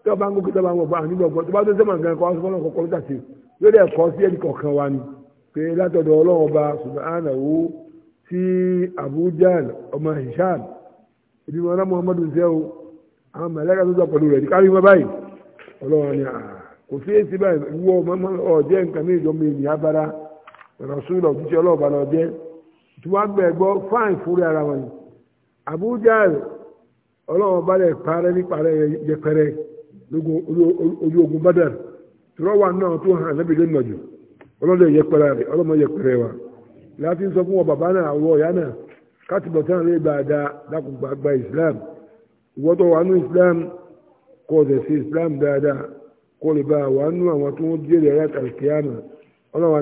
tí wọ́n bá ń gbókè tó bá ń gbọ́ àwọn onígbàgbọ́ tó bá tó sẹ́mà gan kọ́ ọ́sùn ọlọ́kọ̀ kọ́ tàṣe lórí ẹ̀kọ́ sí ẹnì kọ̀ọ̀kan wa ni pé látọ̀dọ̀ ọlọ́run ọba subhanahu sí abujan ọmọ hisham ibi wọn náà muhammadu ṣe o àwọn mẹlẹ́ka tó sọ rẹ̀ kárí wọn báyìí ọlọ́run ni ah, kò sí èsì báyìí wọ ọ̀jẹ́ nǹkan ní ìjọ mi ìyá bara rasul ọ̀jíṣẹ́ ọlọ́ọ̀bá ọlọ́run ọba rẹ̀ parẹ́ ní parẹ́ yẹpẹrẹ ojú ogun badar tìrọwà náà tó hàn lẹ́bi lónìí ọjọ́ ọlọ́dọ̀ yẹpẹrẹ rẹ ọlọ́mọ yẹpẹrẹ wa láti sọ fún wọn bàbá náà ọ̀yá náà bọ̀ sáà lè bá a da dákùnkùn gba islam ìwọ́tọ̀ wà islam kọ́ islam dáadáa kọ́ lè bá a wà nù àwọn tó ń jẹ́rìí ayé ọlọ́wà